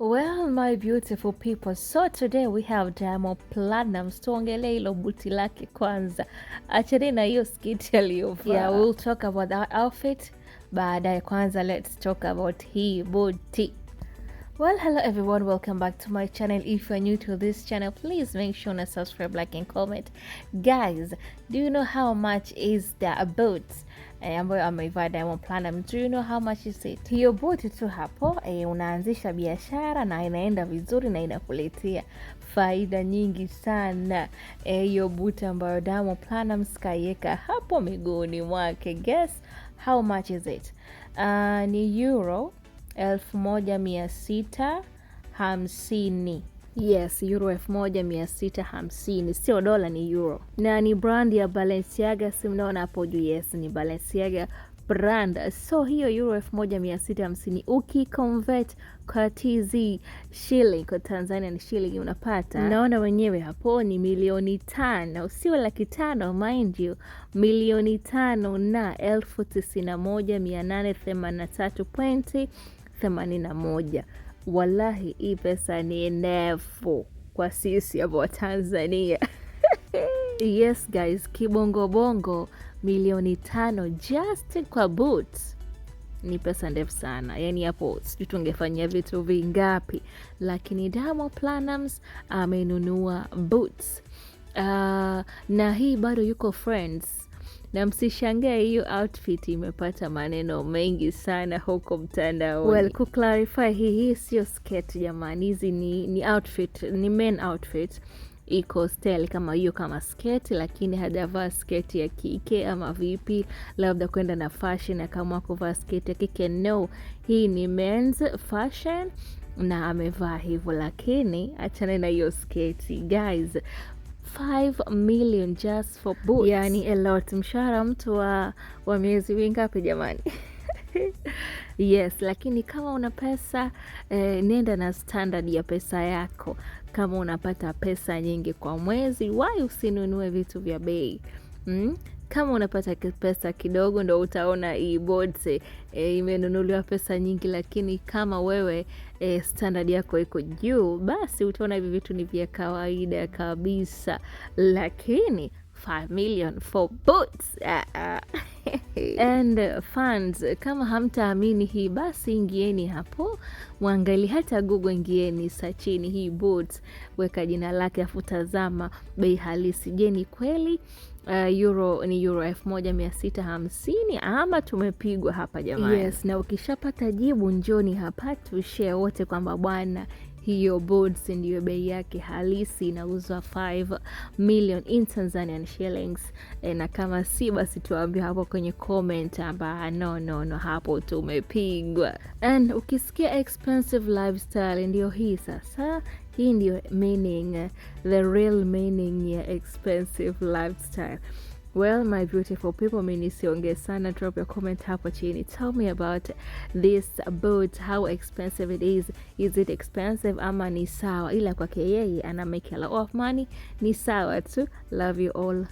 Well, my beautiful people, so today we have Diamond Platnumz. Tuongelee hilo buti lake kwanza, acheni na hiyo skiti aliyovaa. Yeah, we'll talk about that outfit baadaye. Kwanza let's talk about hii buti well hello everyone welcome back to my channel if you're new to this channel please make sure to subscribe like and comment guys do you know how much is the boat eh, ambayo ameivaa Diamond Platnumz do you know how much is it hiyo boti tu hapo eh, unaanzisha biashara na inaenda vizuri na inakuletea faida nyingi sana eh, hiyo eh, buti ambayo Diamond Platnumz kaiweka hapo miguuni mwake guess how much is it uh, ni euro elfu moja mia sita hamsini. Yes, euro 1650 sio dola, ni euro, na ni brand ya Balenciaga. Si mnaona hapo juu? Yes, ni Balenciaga brand. So hiyo euro 1650 moja mia ukiconvert kwa TZ shilling, kwa Tanzania ni shilling, unapata naona wenyewe hapo ni milioni tano, sio laki tano, mind you, milioni tano na elfu tisini na moja mia nane themanini na tatu pointi 81. Wallahi, hii pesa ni ndefu kwa sisi hapo Tanzania. Yes guys, kibongobongo milioni tano just kwa boots ni pesa ndefu sana, yaani hapo sijui tungefanyia vitu vingapi, lakini Diamond Platnumz amenunua boots. Uh, na hii bado yuko friends na msishangae hiyo outfit imepata maneno mengi sana huko mtandaoni. Well, kuclarify hii hii sio sketi jamani, hizi ni, ni outfit, ni men outfit iko style kama hiyo kama sketi, lakini hajavaa sketi ya kike ama vipi, labda kwenda na fashion akaamua kuvaa sketi ya kike. No, hii ni men's fashion na amevaa hivyo, lakini achana na hiyo sketi guys. 5 million just for boots. Yani a lot. Mshahara mtu wa, wa miezi mingapi jamani? Yes, lakini kama una pesa eh, nenda na standard ya pesa yako. Kama unapata pesa nyingi kwa mwezi, why usinunue vitu vya bei? Mm? kama unapata pesa kidogo ndo utaona hii Botse e, eh, eh, imenunuliwa pesa nyingi, lakini kama wewe e, standard yako iko juu, basi utaona hivi vitu ni vya kawaida kabisa, lakini 5 million for boots ah, ah. and uh, fans, kama hamtaamini hii basi ingieni hapo mwangali hata Google, ingieni sachini hii bot, weka jina lake afu tazama bei halisi. Je, ni kweli Uh, euro ni euro elfu moja mia sita hamsini ama tumepigwa hapa jamani? Yes, na ukishapata jibu njoni hapa tushare wote kwamba bwana hiyo bonds ndiyo bei yake halisi inauzwa 5 million in Tanzanian shillings. E, na kama si basi tuambie hapo kwenye comment amba no, no, no, hapo tumepigwa. And ukisikia expensive lifestyle ndiyo hii sasa hii ndiyo meaning, the real meaning ya expensive lifestyle. Well, my beautiful people, mi nisiongee sana, drop your comment hapo chini. Tell me about this boat, how expensive it is. Is it expensive ama ni sawa? Ila kwake yeye ana make a lot of money, ni sawa tu. Love you all.